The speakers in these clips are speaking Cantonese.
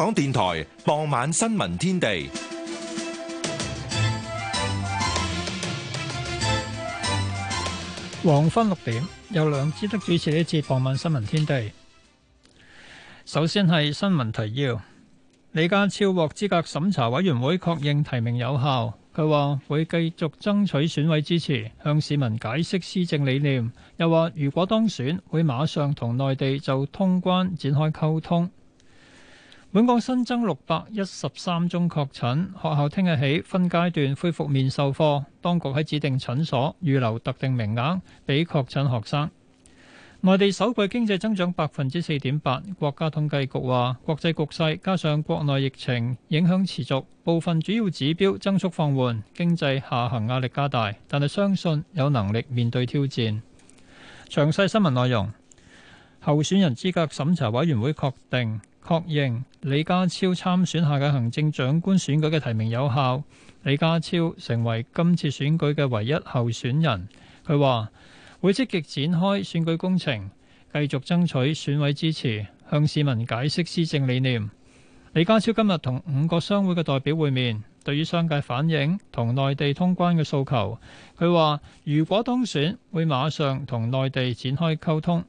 香港電台傍晚新聞天地，黃昏六點由梁智德主持呢一節傍晚新聞天地。首先係新聞提要，李家超獲資格審查委員會確認提名有效，佢話會繼續爭取選委支持，向市民解釋施政理念，又話如果當選會馬上同內地就通關展開溝通。本港新增六百一十三宗確診，學校聽日起分階段恢復面授課。當局喺指定診所預留特定名額俾確診學生。內地首季經濟增長百分之四點八，國家統計局話，國際局勢加上國內疫情影響持續，部分主要指標增速放緩，經濟下行壓力加大，但係相信有能力面對挑戰。詳細新聞內容，候選人資格審查委員會確定。確認李家超參選下屆行政長官選舉嘅提名有效，李家超成為今次選舉嘅唯一候選人。佢話會積極展開選舉工程，繼續爭取選委支持，向市民解釋施政理念。李家超今日同五個商會嘅代表會面，對於商界反映同內地通關嘅訴求，佢話如果當選會馬上同內地展開溝通。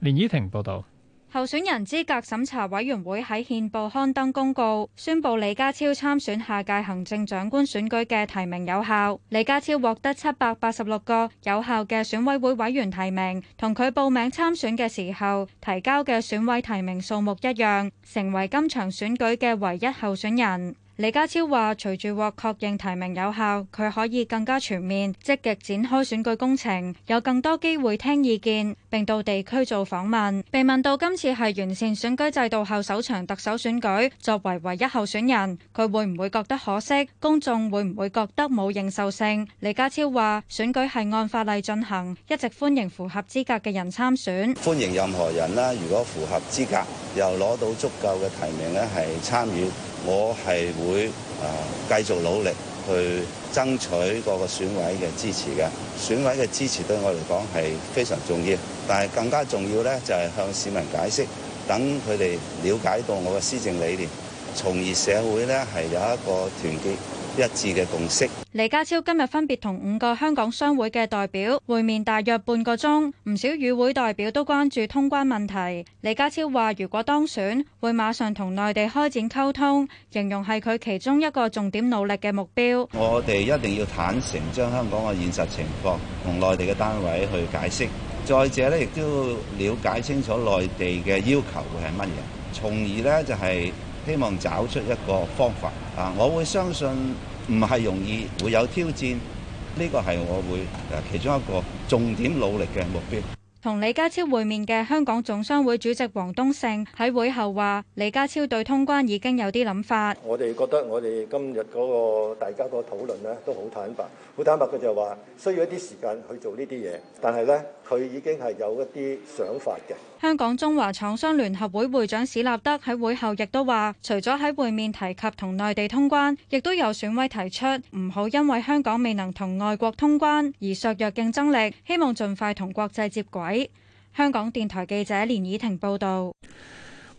連依婷報導。候選人資格審查委員會喺憲報刊登公告，宣布李家超參選下屆行政長官選舉嘅提名有效。李家超獲得七百八十六個有效嘅選委會委員提名，同佢報名參選嘅時候提交嘅選委提名數目一樣，成為今場選舉嘅唯一候選人。李家超話：隨住獲確認提名有效，佢可以更加全面積極展開選舉工程，有更多機會聽意見，並到地區做訪問。被問到今次係完善選舉制度後首場特首選舉，作為唯一候選人，佢會唔會覺得可惜？公眾會唔會覺得冇認受性？李家超話：選舉係按法例進行，一直歡迎符合資格嘅人參選，歡迎任何人啦，如果符合資格又攞到足夠嘅提名呢，係參與。我係會啊繼續努力去爭取嗰個選委嘅支持嘅，選委嘅支持對我嚟講係非常重要，但係更加重要呢，就係向市民解釋，等佢哋了解到我嘅施政理念。從而社會呢係有一個團結一致嘅共識。李家超今日分別同五個香港商會嘅代表會面，大約半個鐘。唔少與會代表都關注通關問題。李家超話：如果當選，會馬上同內地開展溝通，形容係佢其中一個重點努力嘅目標。我哋一定要坦誠，將香港嘅現實情況同內地嘅單位去解釋。再者呢亦都了解清楚內地嘅要求會係乜嘢，從而呢就係、是。希望找出一個方法啊！我會相信唔係容易，會有挑戰。呢個係我會誒其中一個重點努力嘅目標。同李家超會面嘅香港總商會主席王冬勝喺會後話：李家超對通關已經有啲諗法。我哋覺得我哋今日嗰個大家個討論咧都好坦白，好坦白嘅就係話需要一啲時間去做呢啲嘢，但係咧佢已經係有一啲想法嘅。香港中華廠商聯合會會長史立德喺會後亦都話，除咗喺會面提及同內地通關，亦都有選委提出唔好因為香港未能同外國通關而削弱競爭力，希望盡快同國際接軌。香港電台記者連以婷報導。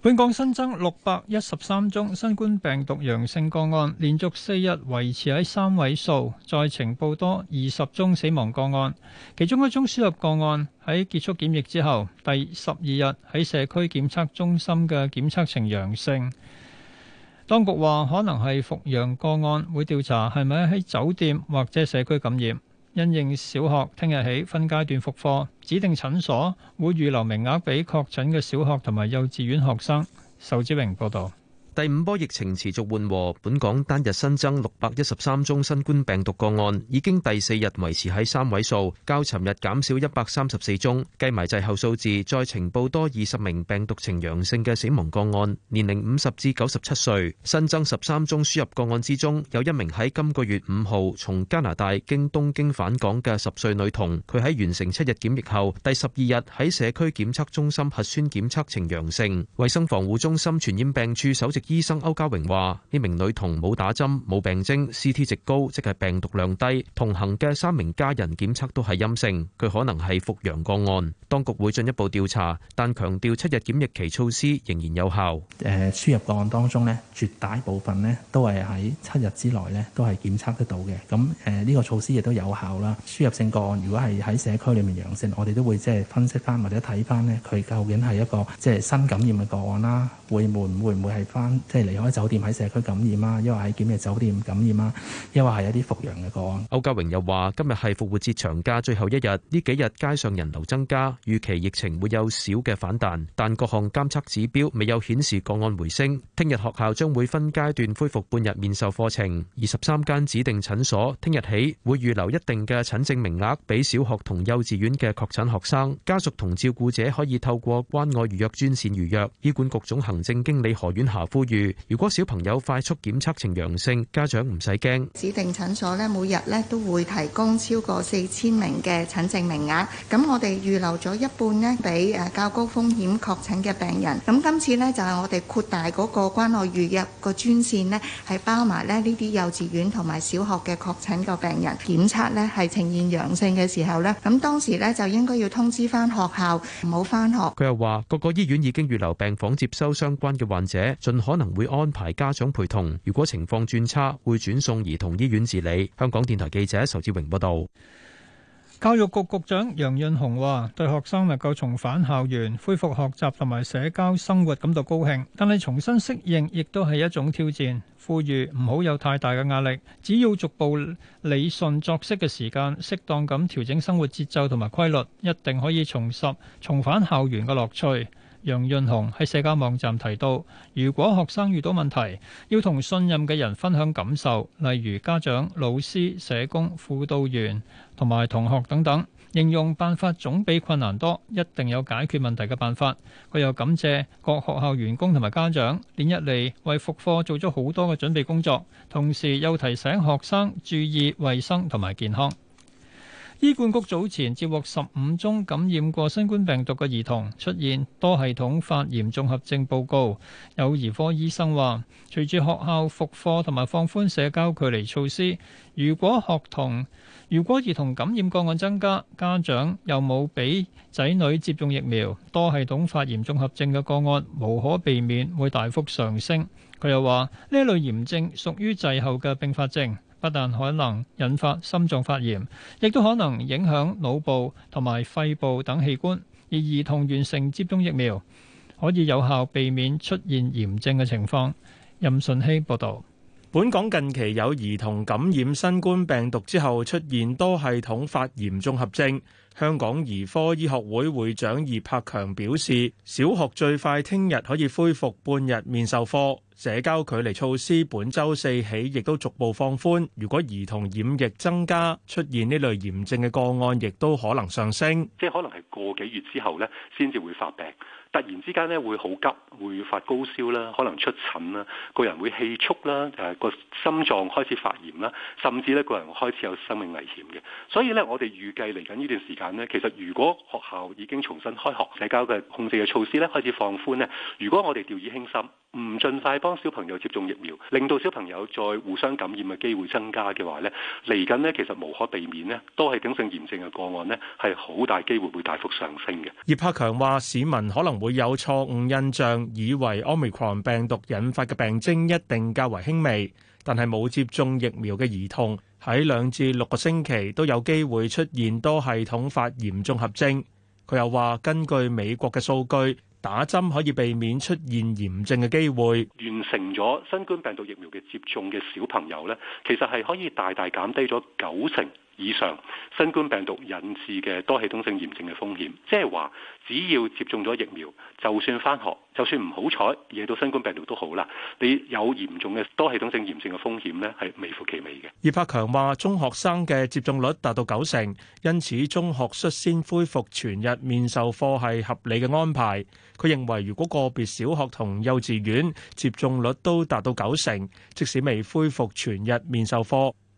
本港新增六百一十三宗新冠病毒陽性個案，連續四日維持喺三位數。再呈報多二十宗死亡個案，其中一宗輸入個案喺結束檢疫之後第十二日喺社區檢測中心嘅檢測呈陽性。當局話可能係復陽個案，會調查係咪喺酒店或者社區感染。因應小學聽日起分階段復課，指定診所會預留名額俾確診嘅小學同埋幼稚園學生。仇志榮報道。第五波疫情持續緩和，本港單日新增六百一十三宗新冠病毒個案，已經第四日維持喺三位數，較尋日減少一百三十四宗。計埋滯後數字，再呈報多二十名病毒呈陽性嘅死亡個案，年齡五十至九十七歲。新增十三宗輸入個案之中，有一名喺今個月五號從加拿大經東京返港嘅十歲女童，佢喺完成七日檢疫後，第十二日喺社區檢測中心核酸檢測呈陽性。衛生防護中心傳染病處首席醫生歐家榮話：呢名女童冇打針、冇病徵、C T 值高，即係病毒量低。同行嘅三名家人檢測都係陰性，佢可能係復陽個案。當局會進一步調查，但強調七日檢疫期措施仍然有效。誒，輸入個案當中咧，絕大部分咧都係喺七日之內咧都係檢測得到嘅。咁誒，呢個措施亦都有效啦。輸入性個案如果係喺社區裏面陽性，我哋都會即係分析翻或者睇翻咧，佢究竟係一個即係新感染嘅個案啦，會會唔會唔會係翻？即係離開酒店喺社區感染啊，因為喺檢疫酒店感染啊，因為係一啲復陽嘅個案。歐家榮又話：今日係復活節長假最後一日，呢幾日街上人流增加，預期疫情會有少嘅反彈，但各項監測指標未有顯示個案回升。聽日學校將會分階段恢復半日面授課程。二十三間指定診所聽日起會預留一定嘅診症名額，俾小學同幼稚園嘅確診學生、家屬同照顧者可以透過關愛預約專線預約。醫管局總行政經理何婉霞呼。呼籲：如果小朋友快速檢測呈陽性，家長唔使驚。指定診所咧，每日咧都會提供超過四千名嘅診症名額。咁我哋預留咗一半咧，俾誒較高風險確診嘅病人。咁今次咧就係我哋擴大嗰個關愛預約個專線咧，係包埋咧呢啲幼稚園同埋小學嘅確診個病人檢測咧係呈現陽性嘅時候咧，咁當時咧就應該要通知翻學校唔好翻學。佢又話：各個醫院已經預留病房接收相關嘅患者，盡可。可能會安排家長陪同，如果情況轉差，會轉送兒童醫院治理。香港電台記者仇志榮報導。教育局局長楊潤雄話：對學生能夠重返校園、恢復學習同埋社交生活感到高興，但係重新適應亦都係一種挑戰，呼籲唔好有太大嘅壓力，只要逐步理順作息嘅時間，適當噉調整生活節奏同埋規律，一定可以重拾重返校園嘅樂趣。楊潤雄喺社交網站提到，如果學生遇到問題，要同信任嘅人分享感受，例如家長、老師、社工、輔導員同埋同學等等。應用辦法總比困難多，一定有解決問題嘅辦法。佢又感謝各學校員工同埋家長，連日嚟為復課做咗好多嘅準備工作，同時又提醒學生注意衛生同埋健康。醫管局早前接獲十五宗感染過新冠病毒嘅兒童出現多系統發炎綜合症報告。有兒科醫生話，隨住學校復課同埋放寬社交距離措施，如果學童如果兒童感染個案增加，家長又冇俾仔女接種疫苗，多系統發炎綜合症嘅個案無可避免會大幅上升。佢又話呢一類炎症屬於滯後嘅併發症。不但可能引發心臟發炎，亦都可能影響腦部同埋肺部等器官。而兒童完成接種疫苗，可以有效避免出現炎症嘅情況。任順希報道。本港近期有兒童感染新冠病毒之後出現多系統發炎綜合症。香港兒科醫學會會長葉柏強表示，小學最快聽日可以恢復半日面授課。社交距離措施本週四起亦都逐步放寬。如果兒童染疫增加，出現呢類炎症嘅個案，亦都可能上升。即係可能係個幾月之後咧，先至會發病。突然之間咧，會好急，會發高燒啦，可能出疹啦，個人會氣促啦，誒個心臟開始發炎啦，甚至咧個人開始有生命危險嘅。所以咧，我哋預計嚟緊呢段時間呢，其實如果學校已經重新開學，社交嘅控制嘅措施咧開始放寬呢。如果我哋掉以輕心，唔盡快幫小朋友接種疫苗，令到小朋友再互相感染嘅機會增加嘅話，呢嚟緊呢，其實無可避免呢，都係急性炎症嘅個案呢，係好大機會會大幅上升嘅。葉柏強話：市民可能會有錯誤印象，以為 omicron 病毒引發嘅病徵一定較為輕微，但係冇接種疫苗嘅兒童喺兩至六個星期都有機會出現多系統發炎綜合症。佢又話：根據美國嘅數據。打針可以避免出現炎症嘅機會，完成咗新冠病毒疫苗嘅接種嘅小朋友呢，其實係可以大大減低咗九成。以上新冠病毒引致嘅多系統性炎症嘅風險，即係話只要接種咗疫苗，就算翻學，就算唔好彩惹到新冠病毒都好啦，你有嚴重嘅多系統性炎症嘅風險咧，係微乎其微嘅。葉柏強話中學生嘅接種率達到九成，因此中學率先恢復全日面授課係合理嘅安排。佢認為，如果個別小學同幼稚園接種率都達到九成，即使未恢復全日面授課。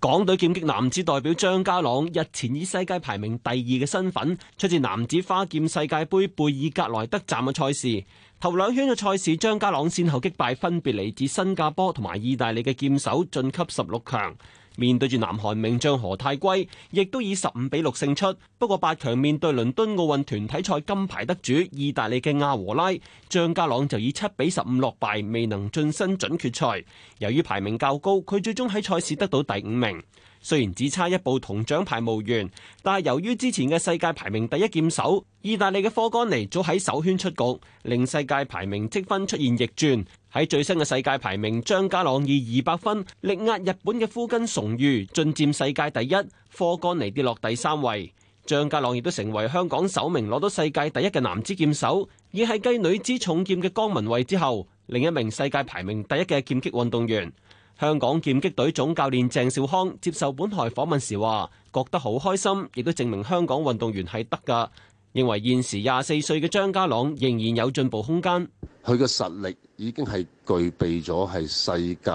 港隊劍擊男子代表張家朗日前以世界排名第二嘅身份，出戰男子花劍世界杯貝爾格萊德站嘅賽事。頭兩圈嘅賽事，張家朗先後擊敗分別嚟自新加坡同埋意大利嘅劍手，晉級十六強。面對住南韓名將何泰圭，亦都以十五比六勝出。不過八強面對倫敦奧運團體賽金牌得主意大利嘅亞和拉，張家朗就以七比十五落敗，未能晉身準決賽。由於排名較高，佢最終喺賽事得到第五名。雖然只差一步同獎牌無緣，但係由於之前嘅世界排名第一劍手意大利嘅科戈尼早喺首圈出局，令世界排名積分出現逆轉。喺最新嘅世界排名，張家朗以二百分力壓日本嘅夫根崇裕，進佔世界第一。科戈尼跌落第三位。張家朗亦都成為香港首名攞到世界第一嘅男子劍手，而係繼女子重劍嘅江文蔚之後另一名世界排名第一嘅劍擊運動員。香港劍擊隊總教練鄭少康接受本台訪問時話：覺得好開心，亦都證明香港運動員係得㗎。認為現時廿四歲嘅張家朗仍然有進步空間。佢嘅實力已經係具備咗係世界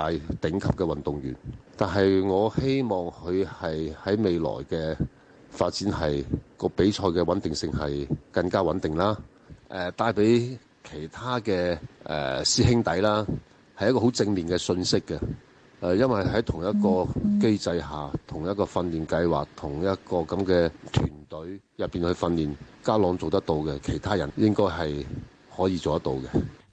頂級嘅運動員，但係我希望佢係喺未來嘅發展係個比賽嘅穩定性係更加穩定啦。誒，帶俾其他嘅誒師兄弟啦，係一個好正面嘅信息嘅。誒，因為喺同一個機制下，同一個訓練計劃，同一個咁嘅團隊入邊去訓練，家朗做得到嘅，其他人應該係可以做得到嘅。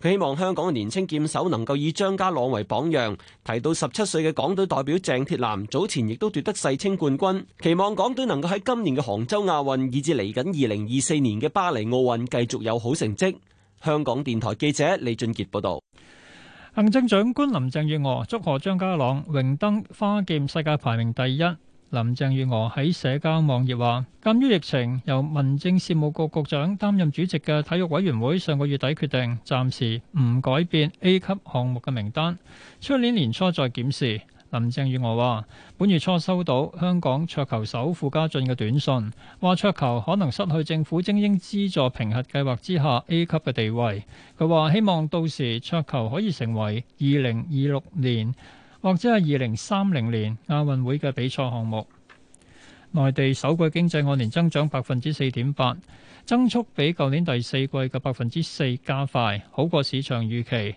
佢希望香港年青劍手能夠以張家朗為榜樣，提到十七歲嘅港隊代表鄭鐵男早前亦都奪得世青冠軍，期望港隊能夠喺今年嘅杭州亞運以至嚟緊二零二四年嘅巴黎奧運繼續有好成績。香港電台記者李俊傑報道。行政長官林鄭月娥祝賀張家朗榮登花劍世界排名第一。林鄭月娥喺社交網頁話：鑒於疫情，由民政事務局局，局長擔任主席嘅體育委員會上個月底決定，暫時唔改變 A 級項目嘅名單，出年年初再檢視。林鄭月娥話：本月初收到香港桌球手傅家俊嘅短信，話桌球可能失去政府精英資助評核計劃之下 A 級嘅地位。佢話希望到時桌球可以成為二零二六年或者係二零三零年亞運會嘅比賽項目。內地首季經濟按年增長百分之四點八，增速比舊年第四季嘅百分之四加快，好過市場預期。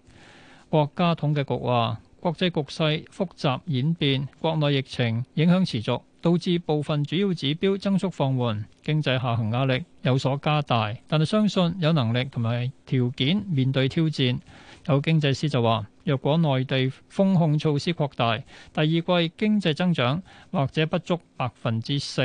國家統計局話，國際局勢複雜演變，國內疫情影響持續，導致部分主要指標增速放緩，經濟下行壓力有所加大。但係相信有能力同埋條件面對挑戰。有經濟師就話：若果內地封控措施擴大，第二季經濟增長或者不足百分之四。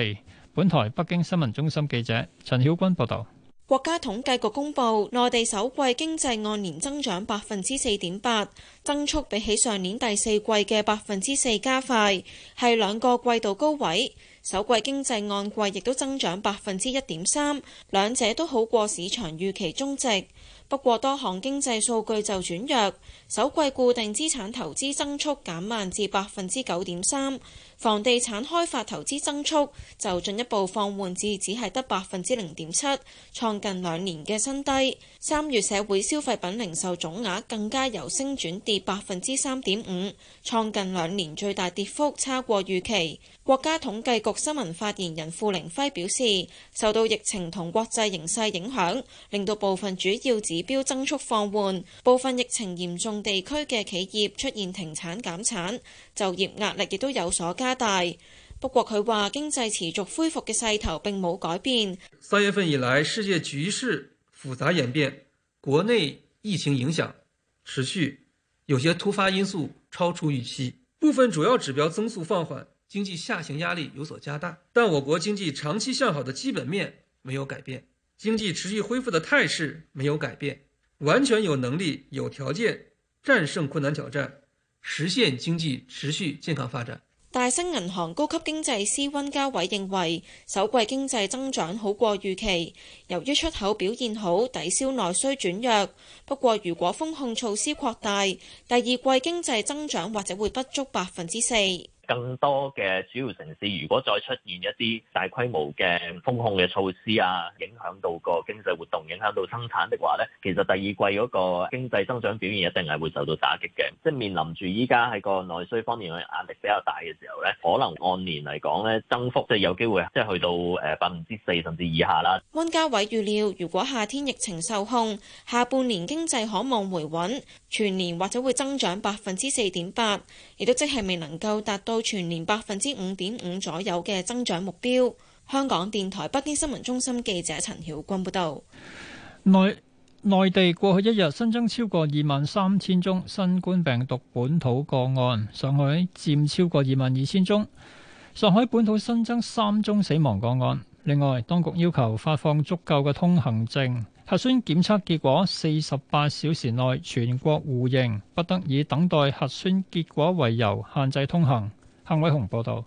本台北京新聞中心記者陳曉君報道。國家統計局公布，內地首季經濟按年增長百分之四點八，增速比起上年第四季嘅百分之四加快，係兩個季度高位。首季經濟按季亦都增長百分之一點三，兩者都好過市場預期中值。不過多項經濟數據就轉弱，首季固定資產投資增速減慢至百分之九點三。房地產開發投資增速就進一步放緩至只係得百分之零點七，創近兩年嘅新低。三月社會消費品零售總額更加由升轉跌百分之三點五，創近兩年最大跌幅，超過預期。國家統計局新聞發言人付凌暉表示，受到疫情同國際形勢影響，令到部分主要指標增速放緩，部分疫情嚴重地區嘅企業出現停產減產，就業壓力亦都有所加加大。不過佢話經濟持續恢復嘅勢頭並冇改變。三月份以來，世界局勢複雜演變，國內疫情影響持續，有些突發因素超出預期，部分主要指標增速放緩，經濟下行壓力有所加大。但我國經濟長期向好的基本面沒有改變，經濟持續恢復的態勢沒有改變，完全有能力、有條件戰勝困難挑戰，實現經濟持續健康發展。大新銀行高級經濟師温家偉認為，首季經濟增長好過預期，由於出口表現好，抵消內需轉弱。不過，如果封控措施擴大，第二季經濟增長或者會不足百分之四。更多嘅主要城市，如果再出現一啲大規模嘅封控嘅措施啊，影響到個經濟活動，影響到生產的話咧，其實第二季嗰個經濟增長表現一定係會受到打擊嘅。即係面臨住依家喺個內需方面嘅壓力比較大嘅時候咧，可能按年嚟講咧，增幅即係有機會即係去到誒百分之四甚至以下啦。温家偉預料，如果夏天疫情受控，下半年經濟可望回穩，全年或者會增長百分之四點八，亦都即係未能夠達到。全年百分之五點五左右嘅增長目標。香港電台北京新聞中心記者陳曉君報道：內內地過去一日新增超過二萬三千宗新冠病毒本土個案，上海佔超過二萬二千宗。上海本土新增三宗死亡個案。另外，當局要求發放足夠嘅通行證，核酸檢測結果四十八小時內全國互認，不得以等待核酸結果為由限制通行。彭偉雄報道：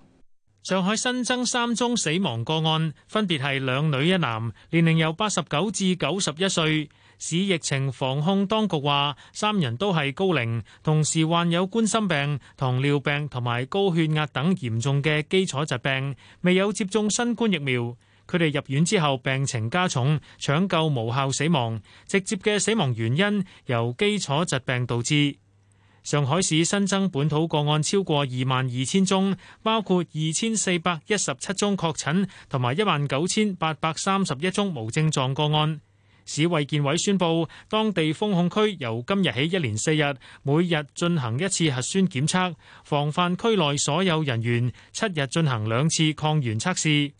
上海新增三宗死亡個案，分別係兩女一男，年齡由八十九至九十一歲。市疫情防控當局話，三人都係高齡，同時患有冠心病、糖尿病同埋高血壓等嚴重嘅基礎疾病，未有接種新冠疫苗。佢哋入院之後病情加重，搶救無效死亡。直接嘅死亡原因由基礎疾病導致。上海市新增本土個案超過二萬二千宗，包括二千四百一十七宗確診同埋一萬九千八百三十一宗無症狀個案。市衛健委宣布，當地封控區由今日起一連四日，每日進行一次核酸檢測，防範區內所有人員七日進行兩次抗原測試。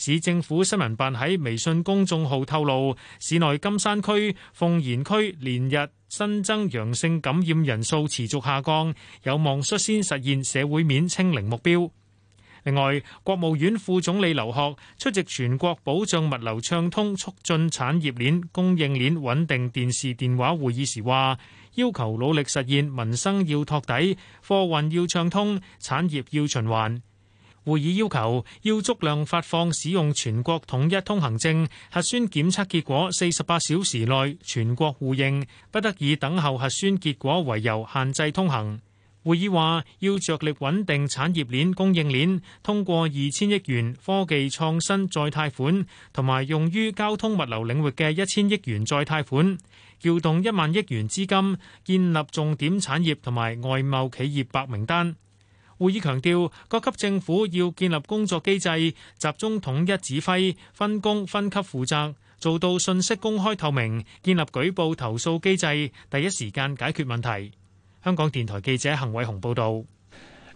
市政府新聞辦喺微信公眾號透露，市內金山區、奉賢區連日新增陽性感染人數持續下降，有望率先實現社會面清零目標。另外，國務院副總理劉鶴出席全國保障物流暢通、促進產業鏈供應鏈穩定電視電話會議時話，要求努力實現民生要托底、貨運要暢通、產業要循環。會議要求，要足量發放使用全國統一通行證，核酸檢測結果四十八小時內全國互認，不得以等候核酸結果為由限制通行。會議話，要着力穩定產業鏈供應鏈，通過二千億元科技創新再貸款同埋用於交通物流領域嘅一千億元再貸款，撬動一萬億元資金，建立重點產業同埋外貿企業白名單。會議強調，各級政府要建立工作機制，集中統一指揮，分工分級負責，做到信息公開透明，建立舉報投訴機制，第一時間解決問題。香港電台記者恆偉雄報導。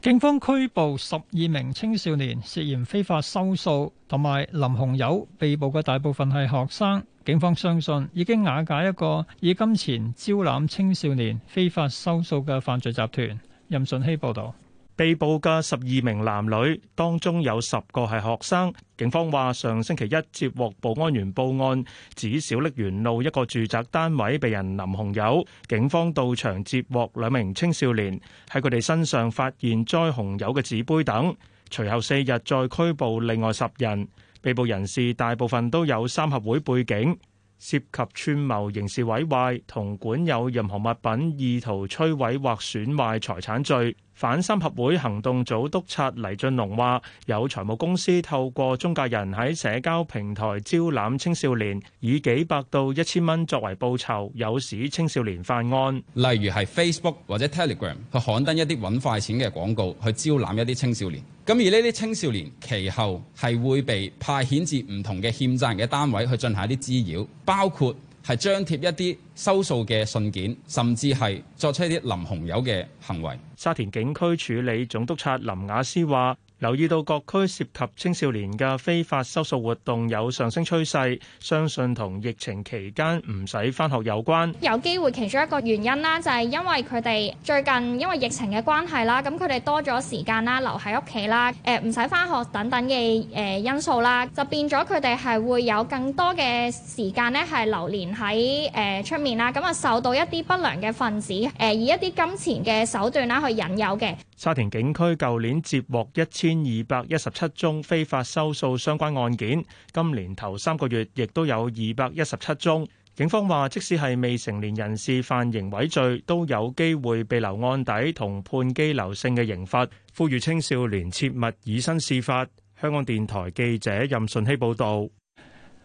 警方拘捕十二名青少年涉嫌非法收數，同埋林洪友被捕嘅大部分係學生。警方相信已經瓦解一個以金錢招攬青少年非法收數嘅犯罪集團。任順希報導。被捕嘅十二名男女當中有十個係學生。警方話，上星期一接獲保安員報案，指小瀝源路一個住宅單位被人淋紅油。警方到場接獲兩名青少年，喺佢哋身上發現載紅油嘅紙杯等，隨後四日再拘捕另外十人。被捕人士大部分都有三合會背景，涉及串謀刑事毀壞同管有任何物品意圖摧毀或損壞財產罪。反三合會行動組督察黎俊龍話：有財務公司透過中介人喺社交平台招攬青少年，以幾百到一千蚊作為報酬，誘使青少年犯案。例如係 Facebook 或者 Telegram，去刊登一啲搵快錢嘅廣告，去招攬一啲青少年。咁而呢啲青少年其後係會被派遣至唔同嘅欠債人嘅單位去進行一啲滋擾，包括。係張貼一啲收數嘅信件，甚至係作出一啲淋紅油嘅行為。沙田警區處理總督察林雅詩話。留意到各區涉及青少年嘅非法收數活動有上升趨勢，相信同疫情期間唔使返學有關，有機會其中一個原因啦，就係因為佢哋最近因為疫情嘅關係啦，咁佢哋多咗時間啦，留喺屋企啦，誒唔使返學等等嘅誒因素啦，就變咗佢哋係會有更多嘅時間咧，係流連喺誒出面啦，咁啊受到一啲不良嘅分子誒以一啲金錢嘅手段啦去引誘嘅。沙田警區舊年接獲一千二百一十七宗非法收數相關案件，今年頭三個月亦都有二百一十七宗。警方話，即使係未成年人士犯刑毀罪，都有機會被留案底同判羈留性嘅刑罰。呼籲青少年切勿以身試法。香港電台記者任順希報道。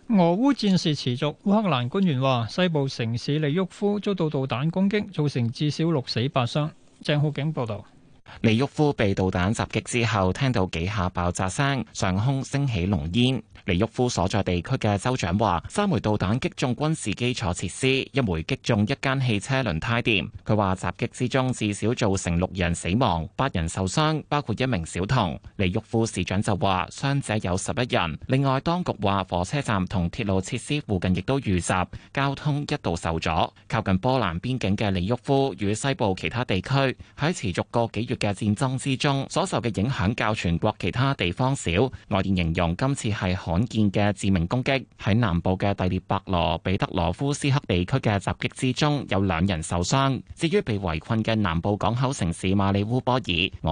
俄烏戰事持續，烏克蘭官員話，西部城市利沃夫遭到導彈攻擊，造成至少六死八傷。鄭浩景報道。李沃夫被導彈襲擊之後，聽到幾下爆炸聲，上空升起濃煙。李沃夫所在地區嘅州長話，三枚導彈擊中軍事基礎設施，一枚擊中一間汽車輪胎店。佢話襲擊之中至少造成六人死亡、八人受傷，包括一名小童。李沃夫市長就話傷者有十一人。另外，當局話火車站同鐵路設施附近亦都遇襲，交通一度受阻。靠近波蘭邊境嘅李沃夫與西部其他地區，喺持續個幾月。嘅戰爭之中，所受嘅影響較全國其他地方少。外電形容今次係罕見嘅致命攻擊。喺南部嘅第列伯羅彼得羅夫斯克地區嘅襲擊之中，有兩人受傷。至於被圍困嘅南部港口城市馬里烏波爾，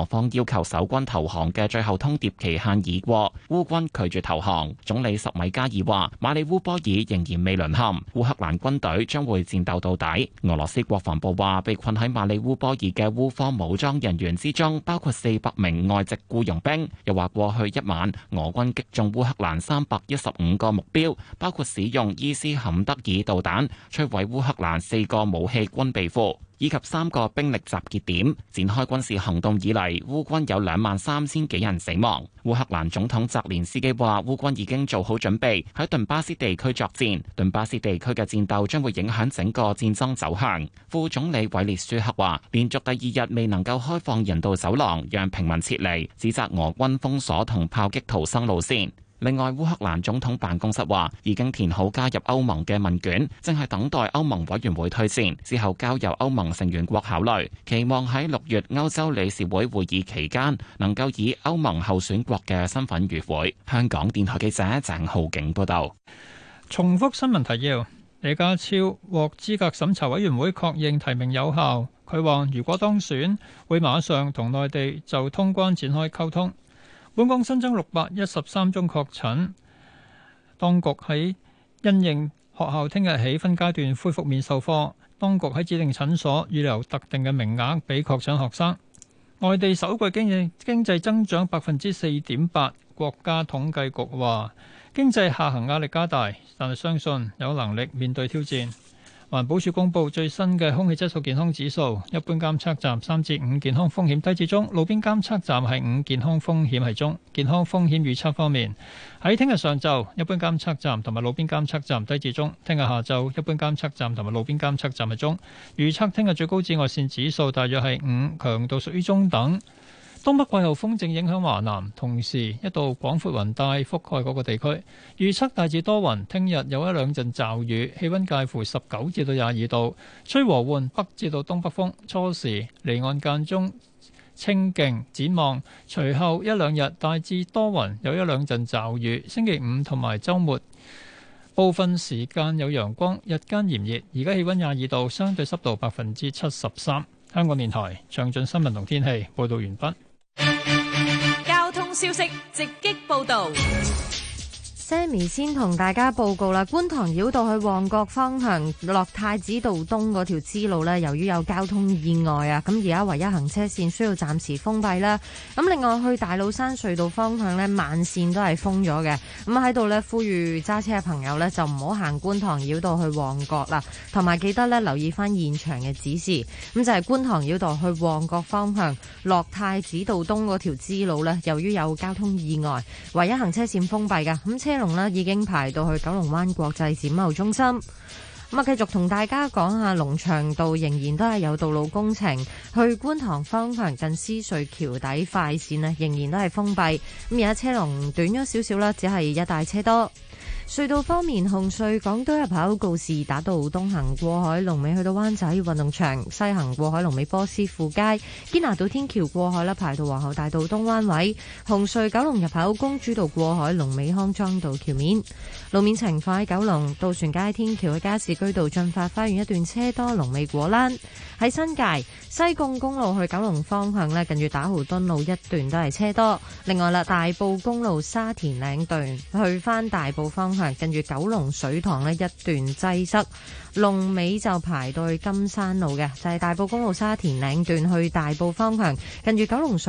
俄方要求守軍投降嘅最後通牒期限已過，烏軍拒絕投降。總理什米加爾話：馬里烏波爾仍然未淪陷，烏克蘭軍隊將會戰鬥到底。俄羅斯國防部話：被困喺馬里烏波爾嘅烏方武裝人員。之中包括四百名外籍雇傭兵，又話過去一晚，俄軍擊中烏克蘭三百一十五個目標，包括使用伊斯坎德爾導彈，摧毀烏克蘭四個武器軍備庫。以及三個兵力集結點展開軍事行動以來，烏軍有兩萬三千幾人死亡。烏克蘭總統澤連斯基話，烏軍已經做好準備喺頓巴斯地區作戰。頓巴斯地區嘅戰鬥將會影響整個戰爭走向。副總理韋列舒克話，連續第二日未能夠開放人道走廊，讓平民撤離，指責俄軍封鎖同炮擊逃生路線。另外，烏克蘭總統辦公室話已經填好加入歐盟嘅問卷，正係等待歐盟委員會推薦之後交由歐盟成員國考慮，期望喺六月歐洲理事會會議期間能夠以歐盟候選國嘅身份與會。香港電台記者鄭浩景報道。重複新聞提要：李家超獲資格審查委員會確認提名有效，佢話如果當選，會馬上同內地就通關展開溝通。本港新增六百一十三宗確診。當局喺因應學校聽日起分階段恢復面授課，當局喺指定診所預留特定嘅名額俾確診學生。外地首季經濟經濟增長百分之四點八，國家統計局話經濟下行壓力加大，但係相信有能力面對挑戰。環保署公布最新嘅空氣質素健康指數，一般監測站三至五，健康風險低至中，路邊監測站係五，健康風險係中。健康風險預測方面，喺聽日上晝一般監測站同埋路邊監測站低至中，聽日下晝一般監測站同埋路邊監測站係中。預測聽日最高紫外線指數大約係五，強度屬於中等。東北季候風正影響華南，同時一道廣闊雲帶覆蓋嗰個地區。預測大致多雲，聽日有一兩陣驟雨，氣溫介乎十九至到廿二度，吹和緩北至到東北風。初時離岸間中清勁展望，隨後一兩日大致多雲，有一兩陣驟雨。星期五同埋周末部分時間有陽光，日間炎熱。而家氣溫廿二度，相對濕度百分之七十三。香港電台詳盡新聞同天氣報道完畢。消息直擊報導。Sammy 先同大家報告啦，觀塘繞道去旺角方向落太子道東嗰條支路呢，由於有交通意外啊，咁而家唯一行車線需要暫時封閉啦。咁另外去大老山隧道方向呢，慢線都係封咗嘅。咁喺度呢，呼籲揸車嘅朋友呢，就唔好行觀塘繞道去旺角啦，同埋記得呢，留意翻現場嘅指示。咁就係觀塘繞道去旺角方向落太子道東嗰條支路呢，由於有交通意外，唯一行車線封閉㗎。咁車龍啦，已經排到去九龍灣國際展貿中心。咁啊，繼續同大家講下，龍翔道仍然都係有道路工程，去觀塘方向近思瑞橋底快線咧，仍然都係封閉。咁而家車龍短咗少少啦，只係一大車多。隧道方面，紅隧港島入口告士打道東行過海龍尾去到灣仔運動場，西行過海龍尾波斯富街堅拿道天橋過海啦，排到皇后大道東灣位；紅隧九龍入口公主道過海龍尾康莊道橋面路面情況喺九龍渡船街天橋嘅加士居道駿發花園一段車多，龍尾果欄喺新界西貢公路去九龍方向咧，近住打湖墩路一段都係車多。另外啦，大埔公路沙田嶺段去翻大埔方向。跟住九龍水塘咧一段擠塞，龍尾就排到去金山路嘅，就係大埔公路沙田嶺段去大埔方向，跟住九龍。